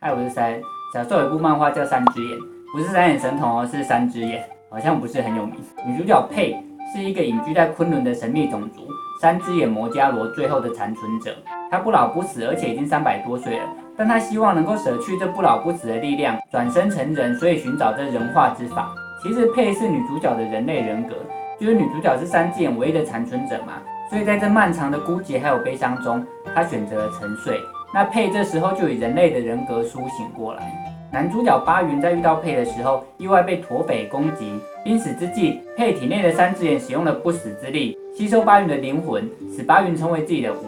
哎，我是三。小時候有一部漫畫叫《三隻眼》，不是三眼神童哦，是三隻眼，好像不是很有名。女主角佩是一個隱居在崑崙的神秘種族——三隻眼魔迦羅最後的殘存者。她不老不死，而且已經三百多歲了，但她希望能夠捨去這不老不死的力量，轉生成人，所以尋找這人化之法。其實佩是女主角的人類人格，就是女主角是三隻眼唯一的殘存者嘛，所以在這漫長的孤寂還有悲傷中，她選擇了沉睡。那佩這時候就以人類的人格甦醒過來。男主角巴雲在遇到佩的時候，意外被土匪攻擊，瀕死之際，佩體內的三隻眼使用了不死之力，吸收巴雲的靈魂，使巴雲成為自己的無。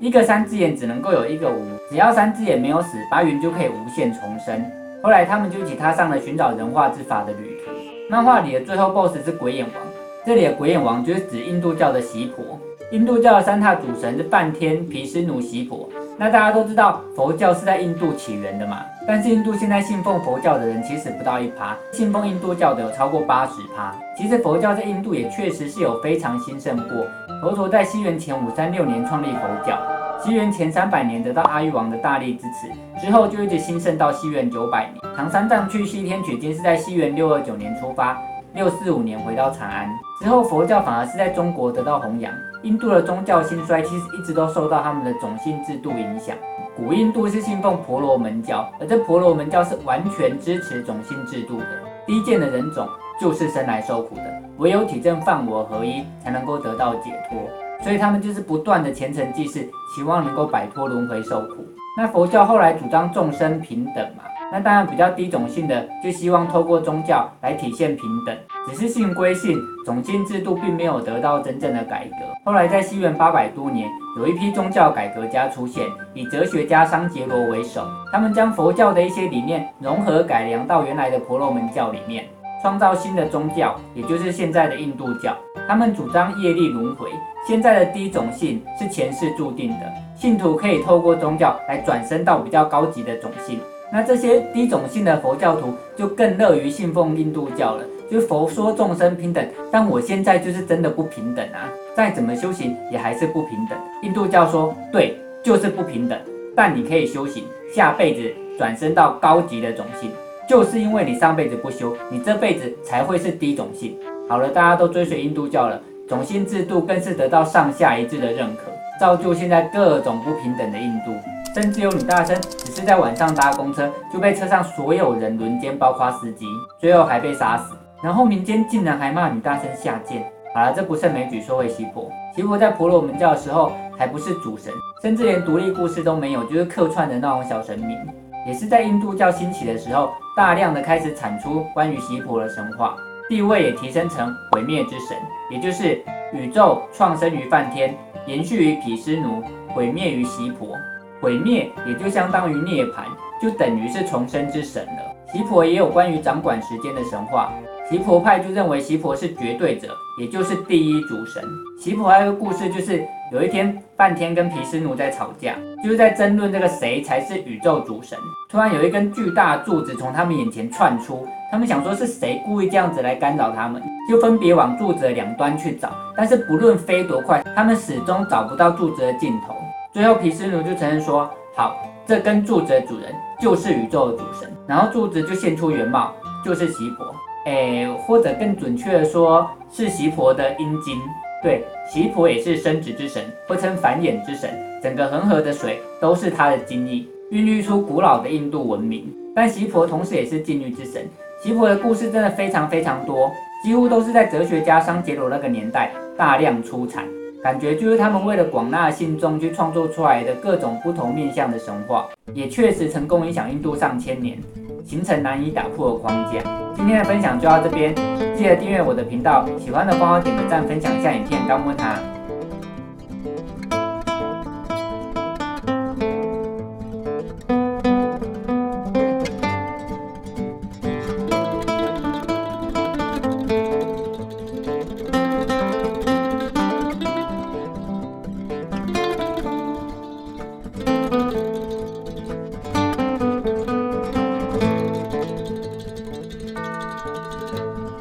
一個三隻眼只能夠有一個無，只要三隻眼沒有死，巴雲就可以無限重生。後來他們就一起踏上了尋找人化之法的旅途。漫畫裡的最後 BOSS 是鬼眼王，這裡的鬼眼王就是指印度教的濕婆。印度教的三大主神是梵天毗濕奴、濕婆。那大家都知道，佛教是在印度起源的嘛。但是印度現在信奉佛教的人其實不到一趴，信奉印度教的有超過八十趴。其實佛教在印度也確實是有非常興盛過。佛陀、陀在西元前五三六年創立佛教，西元前三百年得到阿育王的大力支持，之後就一直興盛到西元九百年。唐三藏去西天取經是在西元六二九年出發。六四五年回到長安之後，佛教反而是在中國得到弘揚。印度的宗教興衰其實一直都受到他們的種姓制度影響。古印度是信奉婆羅門教，而這婆羅門教是完全支持種姓制度的。低賤的人種就是生來受苦的，唯有體證梵我合一才能夠得到解脫。所以他們就是不斷的虔誠祭祀，希望能夠擺脫輪迴受苦。那佛教後來主張眾生平等嘛？那當然，比較低種姓的就希望透過宗教來體現平等，只是信歸信，種姓制度並沒有得到真正的改革。後來在西元八百多年，有一批宗教改革家出現，以哲學家商羯羅為首，他們將佛教的一些理念融合改良到原來的婆羅門教裡面，創造新的宗教，也就是現在的印度教。他們主張業力輪迴，現在的低種姓是前世注定的，信徒可以透過宗教來轉生到比較高級的種姓。那這些低種姓的佛教徒就更樂於信奉印度教了。就是佛說眾生平等，但我現在就是真的不平等啊！再怎麼修行也還是不平等。印度教說對，就是不平等，但你可以修行，下輩子轉生到高級的種姓，就是因為你上輩子不修，你這輩子才會是低種姓。好了，大家都追隨印度教了，種姓制度更是得到上下一致的認可，造就現在各種不平等的印度。甚至有女大生，只是在晚上搭公車，就被車上所有人輪姦，包括司機，最後還被殺死。然後民間竟然還罵女大生下賤。好了，這不勝枚舉。說回濕婆，濕婆在婆羅門教的時候還不是主神，甚至連獨立故事都沒有，就是客串的那種小神明。也是在印度教興起的時候，大量的開始產出關於濕婆的神話，地位也提升成毀滅之神，也就是宇宙創生於梵天，延續於毗濕奴，毀滅於濕婆。毀滅也就相當於涅槃，就等於是重生之神了。濕婆也有關於掌管時間的神話，濕婆派就認為濕婆是絕對者，也就是第一主神。濕婆還有個故事，就是有一天梵天跟毗濕奴在吵架，就是在爭論這個誰才是宇宙主神。突然有一根巨大的柱子從他們眼前竄出，他們想說是誰故意這樣子來干擾他們，就分別往柱子的兩端去找，但是不論飛多快，他們始終找不到柱子的盡頭。最後，毗濕奴就承認說：“好，這根柱子的主人就是宇宙的主神。”然後柱子就現出原貌，就是濕婆。哎、欸，或者更準確的說，是濕婆的陰莖。對，濕婆也是生殖之神，或稱繁衍之神。整個恆河的水都是他的精液，孕育出古老的印度文明。但濕婆同時也是禁欲之神。濕婆的故事真的非常非常多，幾乎都是在哲學家商羯羅那個年代大量出產。感覺就是他們為了廣納信眾去創作出來的各種不同面向的神話，也確實成功影響印度上千年，形成難以打破的框架。今天的分享就到這邊，記得訂閱我的頻道，喜歡的幫我點個讚，分享一下影片，多問他。